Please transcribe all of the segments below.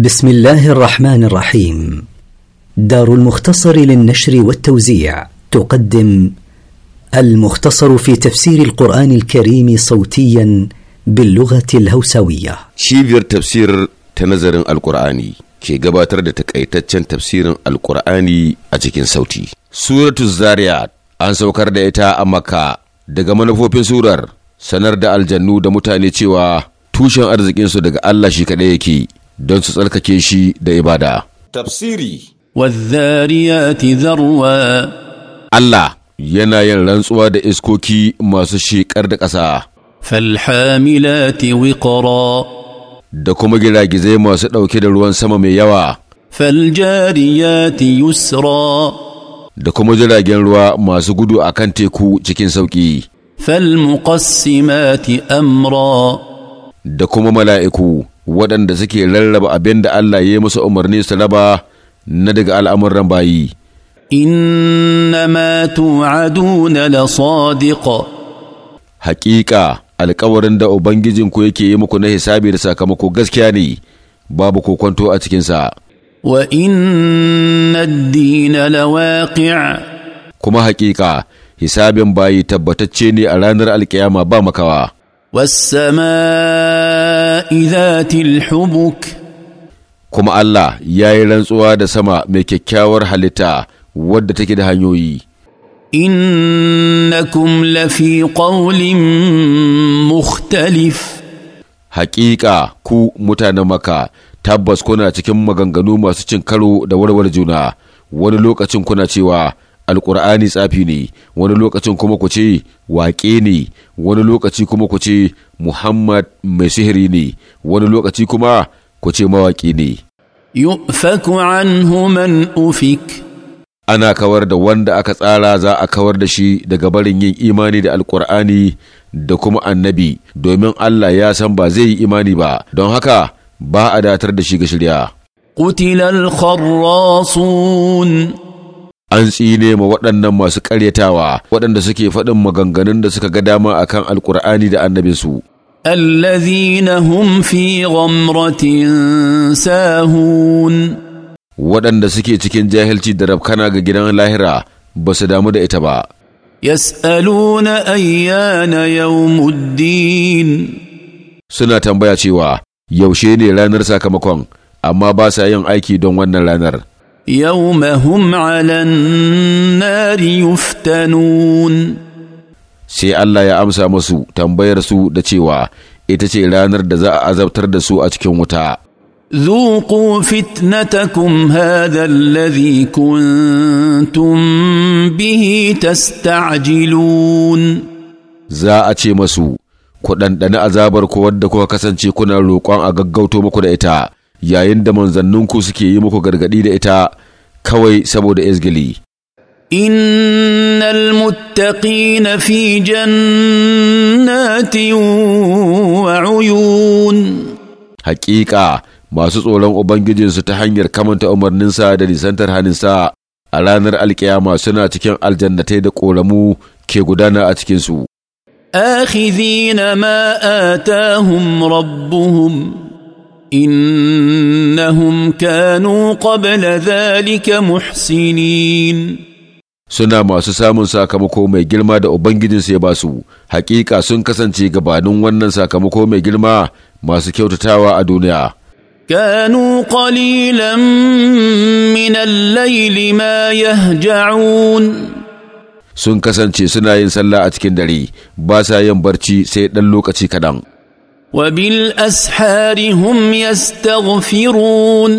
بسم الله الرحمن الرحيم دار المختصر للنشر والتوزيع تقدم المختصر في تفسير القرآن الكريم صوتيا باللغة الهوسوية شيفير تفسير تنظر القرآن كي قباتر تكأيتتشن تفسير القرآن أجيكين صوتي سورة الزاريات أن سوكر دائتا أمكا دقمنا فوبين سورر سنرد الجنود متاني تشوا توشن أرزقين صدق الله شكاليكي don su tsarkake shi da ibada. Tafsiri Wazzariyati zarwa Allah yana yin rantsuwa da iskoki masu shekar da ƙasa. Falhamilati wiqara Da kuma giragizai masu ɗauke da ruwan sama mai yawa. Faljariyati yusra Da kuma jiragen ruwa masu gudu a kan teku cikin sauƙi. Falmuqassimati amra Da kuma mala'iku waɗanda suke rarraba abin da Allah ya yi musu umarni su raba na daga al'amuran bayi. إنما توعدون لصادق Haƙiƙa, alkawarin da Ubangijinku yake yi muku na hisabi da sakamako gaskiya ne, babu kokonto a cikinsa. Wa inna dina lawaqi'a Kuma haƙiƙa, hisabin bayi tabbatacce ne a ranar alkiyama ba makawa. والسماء ذات الحبك kuma Allah ya yi rantsuwa da sama mai kyakkyawar halitta wadda take da hanyoyi. Innakum lafi ƙaunin muktalif. Haƙiƙa ku mutanen maka tabbas kuna cikin maganganu masu cin karo da warware juna, wani lokacin kuna cewa alkur'ani tsafi ne wani lokacin kuma ku ce waƙe ne wani lokaci kuma ku ce muhammad mai sihiri ne wani lokaci kuma ku ce mawaƙi ne ufik ana kawar da wanda aka tsara za a kawar da shi daga barin yin imani da alkur'ani da kuma annabi domin allah ya san ba zai yi imani ba don haka ba a datar da shi ga shirya قتل الخراصون an tsine ma waɗannan masu karyatawa waɗanda suke faɗin maganganun da suka ga dama a kan Alƙur'ani da annabinsu الذين هم في sahun. waɗanda suke cikin jahilci da rabkana ga gidan lahira ba su damu da ita ba. Yas'aluna ayyana yawmuddin Suna tambaya cewa yaushe ne ranar sakamakon, amma ba sa yin aiki don wannan ranar. يوم هم على النار يفتنون sai Allah ya amsa masu tambayar su da cewa ita ce ranar da za a azabtar da su a cikin wuta ذوقوا fitnatakum هذا kuntun bihi به تستعجلون za a ce masu ku ɗanɗani azabar ku wadda kuka kasance kuna roƙon a gaggauto muku da ita yayin da manzanninku suke yi muku gargaɗi da ita kawai saboda izgili. إن المتقين في جنات وعيون hakika masu tsoron Ubangijinsu ta hanyar kamanta umarninsa da nisantar haninsa a ranar alkiyama suna cikin aljannatai da ƙoramu ke gudana a cikinsu. آخذين ما آتاهم rabbuhum إنهم كانوا قبل ذلك محسنين suna masu samun sakamako mai girma da Ubangijinsu ya basu, hakika sun kasance gabanin wannan sakamako mai girma masu kyautatawa a duniya. كانوا قليلا من Layli ما يهجعون sun kasance suna yin sallah a cikin dare ba sa yin barci sai ɗan lokaci kaɗan. Wa bil ashar’i هم يستغفرون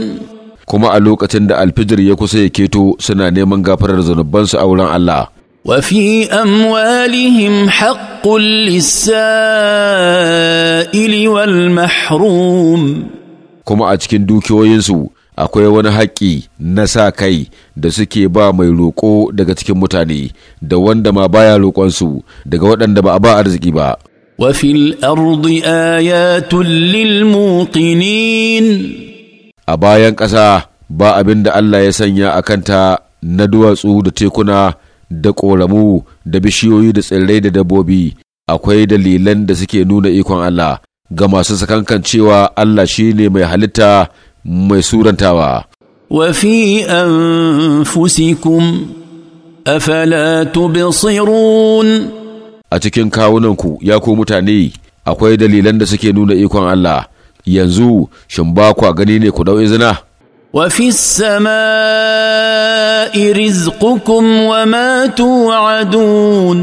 kuma a lokacin da alfijir ya kusa ya keto suna neman gafarar zunubansu a wurin Allah. Wafi amwalihim haƙƙun lissa'ili wal mahrum. Kuma a cikin dukiyoyinsu akwai wani haƙƙi na sa kai da suke ba mai roƙo daga cikin mutane da wanda ma baya roƙonsu daga waɗanda ba a ba arziki ba. Wa fil وفي الأرض آيات للموقنين أبايا كسا با أبن دا الله يسنيا أكنتا ندوى na duwatsu da tekuna, da ƙoramu da bishiyoyi da tsirrai da dabbobi akwai dalilan da suke nuna ikon Allah ga masu sakankan cewa Allah shi ne mai halitta mai surantawa. Wafi anfusikum afala tubsirun a cikin kawunanku ya ko mutane akwai dalilan da suke nuna ikon Allah yanzu shin ba kwa gani ne ku dau izina samai rizqukum wa ma tu'adun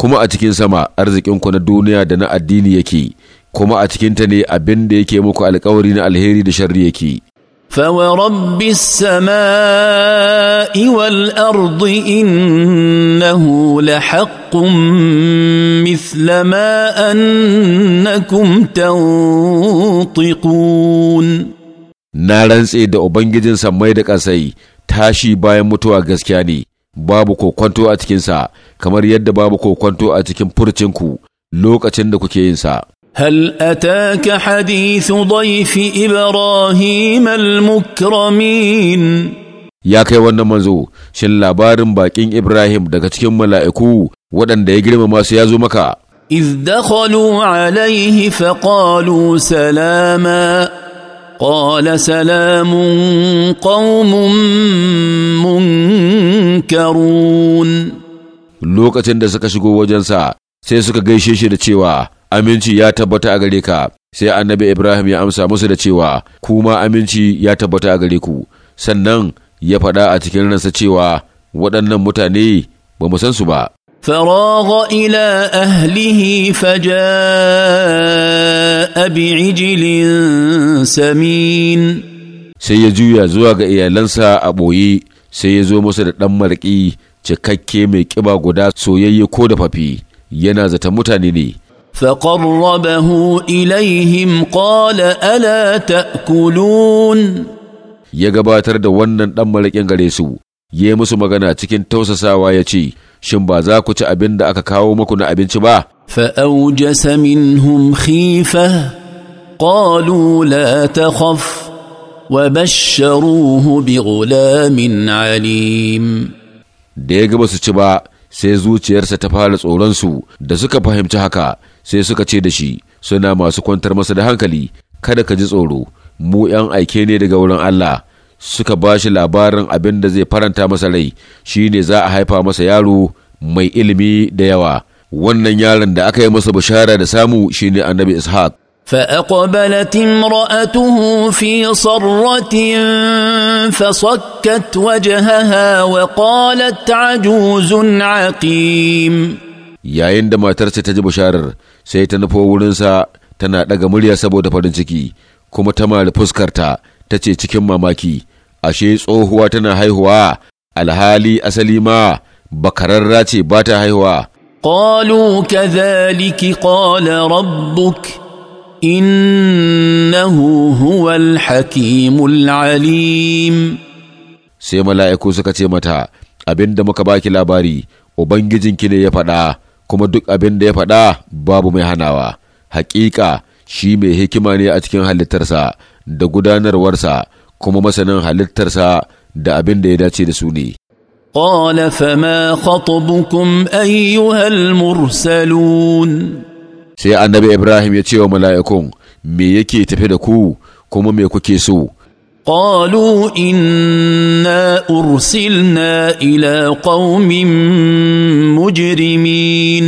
kuma a cikin sama arzikinku na duniya da na addini yake kuma a cikin ta ne abin da yake muku alkawari na alheri da sharri yake فورب السماء والارض انه لحق مثل ما انكم تنطقون na rantse da ubangijin sammai da ƙasai tashi bayan mutuwa gaskiya ne babu kokwanto a cikinsa kamar yadda babu kokwanto a cikin furcinku lokacin da kuke yinsa هل اتاك حديث ضيف ابراهيم المكرمين ya kai wannan manzo shin labarin baƙin Ibrahim daga cikin mala'iku waɗanda ya girmama su ya zo maka إذ دخلوا عليه فقالوا سلاما قال سلام قوم منكرون lokacin da suka shigo wajensa sai suka gaishe shi da cewa aminci ya tabbata a gare ka sai annabi ibrahim ya amsa musu da cewa kuma aminci ya tabbata a gare ku sannan ya faɗa a cikin ransa cewa waɗannan mutane ba mu san su ba فراغ ahlihi اهله فجاء بعجل samin. sai ya juya zuwa ga iyalansa a ɓoye sai ya zo masa da ɗan marƙi cikakke mai ƙiba guda soyayye ko da fafi yana zata mutane ne فقربه إليهم قال ألا تأكلون ya gabatar da wannan ɗan malakin gare su ya musu magana cikin tausasawa ya ce shin ba za ku ci abin da aka kawo muku na abinci ba fa'aujasa minhum khifa qalu la takhaf wa basharuhu bi ghulamin alim da ya gaba su ci ba sai zuciyarsa ta fara tsoron su da suka fahimci haka sai suka ce da shi suna masu kwantar masa da hankali kada ka ji tsoro mu ‘yan aike ne daga wurin Allah suka ba shi labarin abin da zai faranta masa rai shi ne za a haifa masa yaro mai ilimi da yawa wannan yaron da aka yi masa bishara da samu shi ne annabi ishaq فأقبلت امرأته في صرة فصكت وجهها وقالت عجوز عقيم yayin da matarsa ta ji bisharar sai ta nufo wurinsa tana ɗaga murya saboda farin ciki kuma ta mari fuskarta ta ce cikin mamaki ashe tsohuwa tana haihuwa alhali asali ma bakararra ce ba ta haihuwa قالوا كذلك قال ربك إنه هو الحكيم al'im. sai mala'iku suka ce mata abinda muka baki labari ubangijinki ne ya faɗa kuma duk abin da ya faɗa babu mai hanawa haƙiƙa shi mai hikima ne a cikin halittarsa da gudanarwarsa kuma masanin halittarsa da abin da ya dace da su ne قال فما خطبكم أيها المرسلون sai annabi ibrahim ya ce wa mala'ikun me yake tafe da ku kuma me kuke so قالوا انا ارسلنا الى قوم مجرمين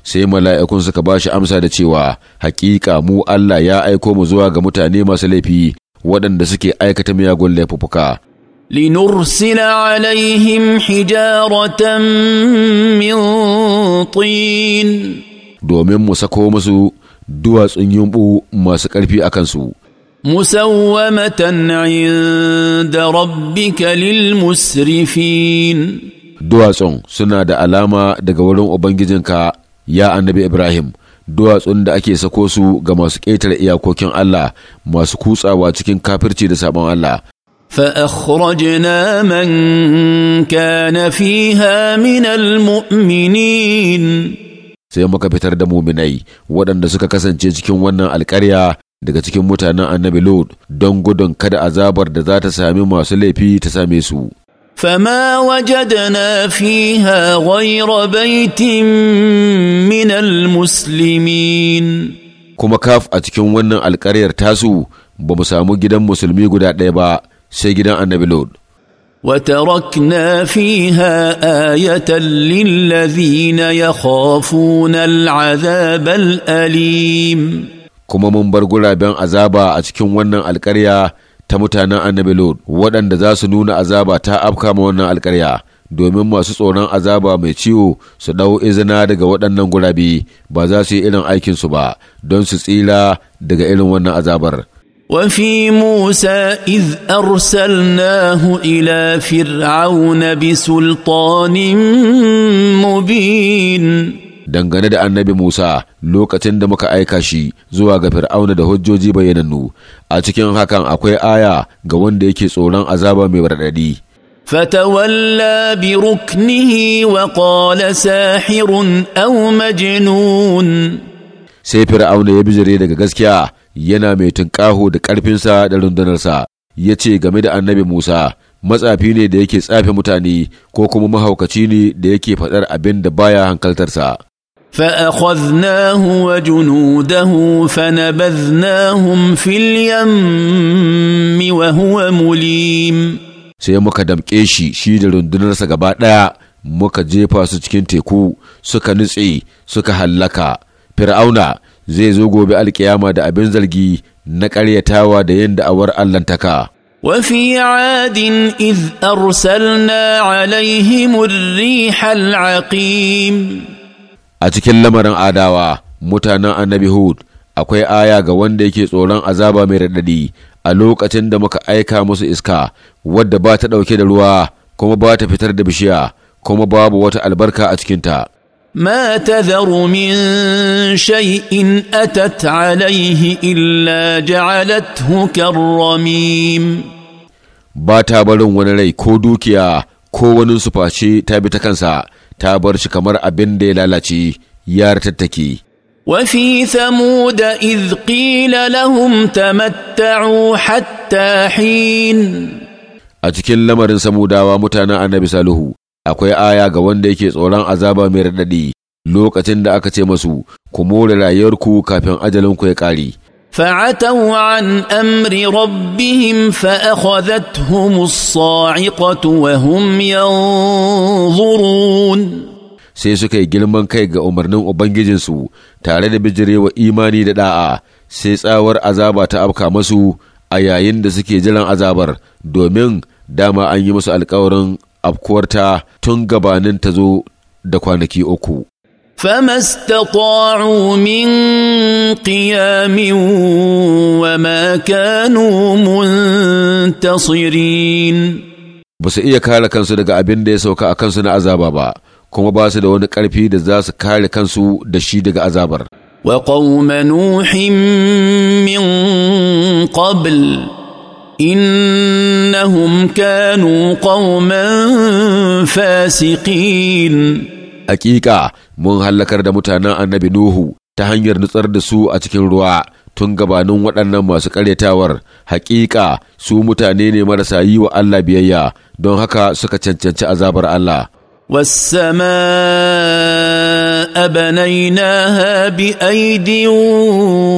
sai mala'ikun suka ba shi amsa da cewa hakika mu Allah ya aiko mu zuwa ga mutane masu laifi waɗanda suke aikata miyagun laifuffuka. linursila alaihim hijaratan min tin domin mu sako musu duwatsun yumɓu masu ƙarfi a kansu. مسومه عند ربك للمسرفين duwatsun suna da alama daga wurin ka ya annabi ibrahim duwatsun da ake sako su ga masu ƙetare iyakokin allah masu kutsawa cikin kafirci da sabon allah فأخرجنا من كان فيها من المؤمنين sai muka fitar da muminai waɗanda suka kasance cikin wannan alƙarya daga cikin mutanen annabi Lot don gudun kada azabar da za ta sami masu laifi ta same su. فما وجدنا فيها غير بيت minal المسلمين kuma kaf a cikin wannan alƙaryar tasu ba mu samu gidan musulmi guda ɗaya ba sai gidan annabi Lod. وتركنا فيها آية للذين يخافون العذاب Alim. kuma mun bar guraben azaba a cikin wannan alkarya ta mutanen annabi lod waɗanda za su nuna azaba ta afka ma wannan alkarya domin masu tsoron azaba mai ciwo su ɗau izina daga waɗannan gurabe ba za su yi irin aikinsu ba don su tsira daga irin wannan azabar. وفي موسى إذ أرسلناه إلى فرعون بسلطان مبين dangane da annabi Musa lokacin da muka aika shi zuwa ga Fir'auna da hujjoji bayyanannu a cikin hakan akwai aya ga wanda yake tsoron azaba mai bi ruknihi wa وقال sahirun أو مجنون sai fir'auna ya bijire daga gaskiya yana mai tunƙaho da ƙarfinsa da rundunarsa ya ce game da annabi musa matsafi ne da yake tsafe mutane ko kuma mahaukaci ne da yake faɗar abin da baya hankaltarsa فاخذناه وجنوده فنبذناهم في اليم وهو مليم sai muka damƙe shi shi da rundunarsa gaba ɗaya muka jefa su cikin teku suka nutse suka hallaka fir'auna zai zo gobe alkiyama da abin zargi na ƙaryatawa da yin da'awar allantaka وفي عاد إذ أرسلنا عليهم الريح العقيم a cikin lamarin adawa mutanen annabi hud akwai aya ga wanda yake tsoron azaba mai raɗaɗi a lokacin da muka aika musu iska wadda ba ta ɗauke da ruwa kuma ba ta fitar da bishiya kuma babu wata albarka a cikinta ما تذر من شيء 'alaihi عليه ja'alat جعلته كالرميم ba ta barin wani rai ko dukiya ko wani face ta bi ta kansa ta bar shi kamar abin da ya lalace ya tattake وفي ثمود إذ قيل لهم تمتعوا hatta حين a cikin lamarin samudawa mutanen annabi salihu akwai aya ga wanda yake tsoron azaba mai radadi, lokacin da aka ce masu ku more rayuwarku kafin ajalinku ya ƙare فعتوا عن امر ربهم فاخذتهم الصاعقه وهم ينظرون sai suka yi girman kai ga umarnin ubangijinsu tare da bijirewa imani da da'a sai tsawar azaba ta afka masu a yayin da suke jiran azabar domin dama an yi musu alkawarin afkuwarta tun gabanin ta zo da kwanaki uku فما استطاعوا من قيام وما كانوا منتصرين ba su iya kare kansu daga abin da ya sauka a kansu na azaba ba kuma ba su da wani ƙarfi da za su kare kansu da shi daga azabar وقوم نوح من قبل إنهم كانوا قوما فاسقين mun hallakar da mutanen annabi Nuhu ta hanyar nutsar da su a cikin ruwa tun gabanin waɗannan masu ƙaryatawar haƙiƙa su mutane ne marasa yi wa Allah biyayya don haka suka cancanci azabar Allah. والسماء بنيناها بأيد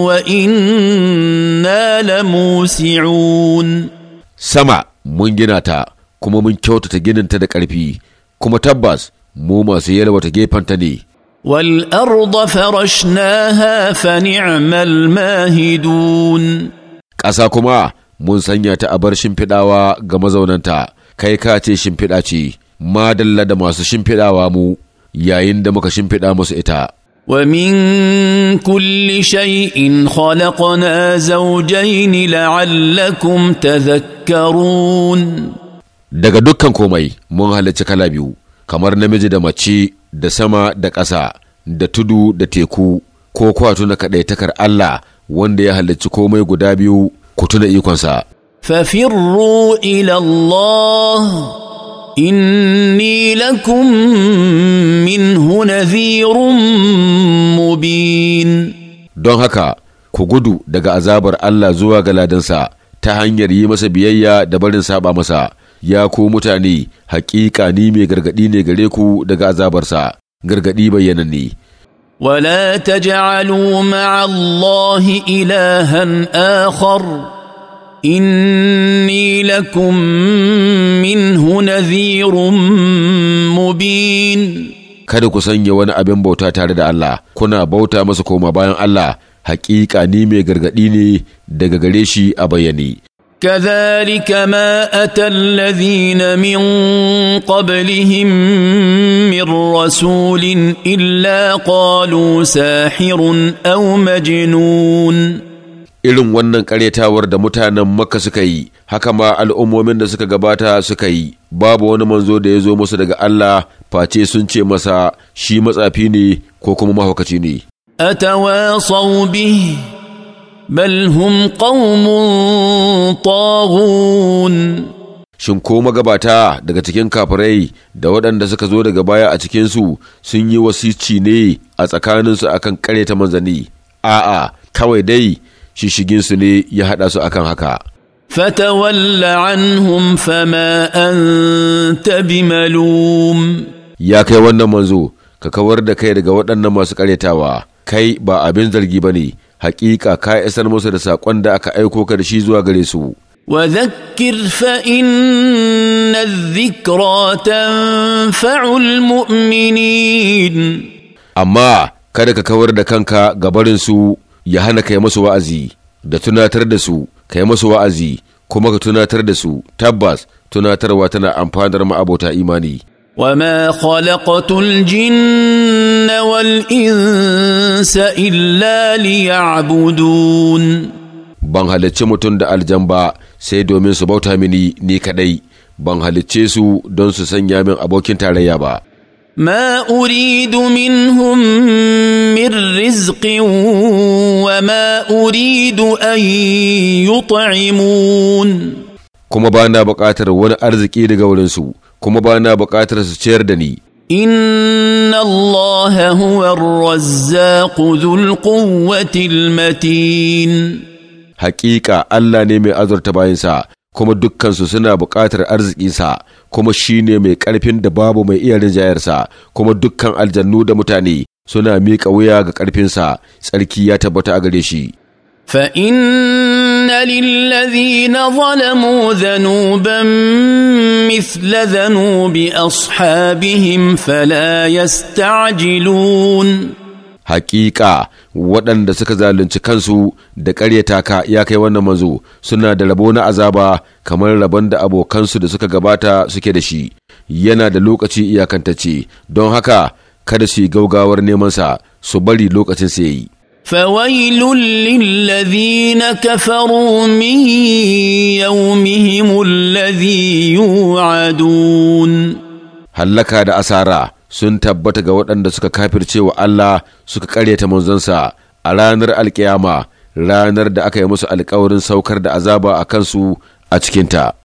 وإنا لموسعون سما mun gina ta kuma mun kyautata gininta da ƙarfi kuma tabbas mu masu yalwata ta ne والأرض فرشناها فنعم mahidun. ƙasa kuma mun sanya ta a bar shimfiɗawa ga mazaunanta kai ka ce shimfiɗa ce madalla da masu shimfiɗawa mu yayin da muka shimfiɗa musu ita ومن كل شيء خلقنا زوجين لعلكم تذكرون daga dukkan komai mun halarci kala biyu kamar namiji da mace da sama da ƙasa da tudu da teku ko kuwa tuna kaɗaitakar Allah wanda ya halicci komai guda biyu ku tuna ikonsa. Fafirru ila Allah inni lakum minhu nadhirun mubin. Don haka, ku gudu daga azabar Allah zuwa ga ladansa ta hanyar yi masa biyayya da barin saba masa. ya ko mutane haƙiƙa ni mai gargaɗi ne gare ku daga azabarsa gargaɗi bayyananne ولا تجعلوا مع الله إلها آخر إني لكم منه نذير مبين kada ku sanya wani abin bauta tare da Allah kuna bauta masa koma bayan Allah hakika ni mai gargadi ne daga gare shi a bayani كذلك ما اتى الذين من قبلهم من رسول الا قالوا ساحر او مجنون irin wannan karyatawar da mutanen Makka suka yi haka ma al'ummomin da suka gabata suka yi babu wani manzo da ya zo musu daga Allah face sun ce masa shi matsafi ne ko kuma mahaukaci ne atawasaw bihi بل هم قوم طاغون shin ko magabata daga cikin kafirai da waɗanda suka zo daga baya a cikinsu sun yi wasici ne a tsakaninsu akan ta manzani? a'a kawai dai shishiginsu ne ya haɗa su akan haka فتول عنهم an أنت malum. Ya kai wannan manzo ka kawar da kai daga waɗannan masu ƙaryatawa kai ba abin zargi ba ne. haƙiƙa ka isar musu da saƙon da aka aiko ka da shi zuwa gare su. وذكر فإن الذكرى تنفع المؤمنين Amma, kada ka kawar da kanka ga barinsu ya hana kai masu wa'azi da tunatar da su kai masu wa'azi kuma ka tunatar da su tabbas tunatarwa tana amfanar ma'abota imani وما خلقت الجن ban halicci mutum da aljan ba sai domin su bauta mini ni kaɗai ban halicce su don su sanya min abokin tarayya ba ما اريد منهم من رزق وما اريد ان يطعمون kuma ba na buƙatar wani arziki daga wurinsu kuma ba na buƙatar su ciyar da ni ان الله هو الرزاق ذو القوه المتين حقيقه الله ne mai azurta bayansa kuma dukkansu suna buƙatar arzikinsa kuma shi ne mai ƙarfin da babu mai iya rinjayarsa kuma dukkan aljannu da mutane suna miƙa wuya ga ƙarfinsa tsarki ya tabbata a gare shi فان للذين ظلموا ذنوبا مثل ذنوب اصحابهم فلا يستعجلون Haƙiƙa, waɗanda suka zalunci kansu da ƙaryata ka ya kai wannan manzo suna da rabo na azaba kamar rabon da abokansu da suka gabata suke da shi yana da lokaci iyakantacce don haka kada su yi gaugawar nemansa su bari lokacin sai yi فويل للذين كفروا من يومهم الذي يوعدون هلكا da asara sun tabbata ga waɗanda suka kafirce wa Allah suka ƙaryata manzonsa a ranar alƙiyama ranar da aka yi musu alƙawarin saukar da azaba a kansu a cikinta.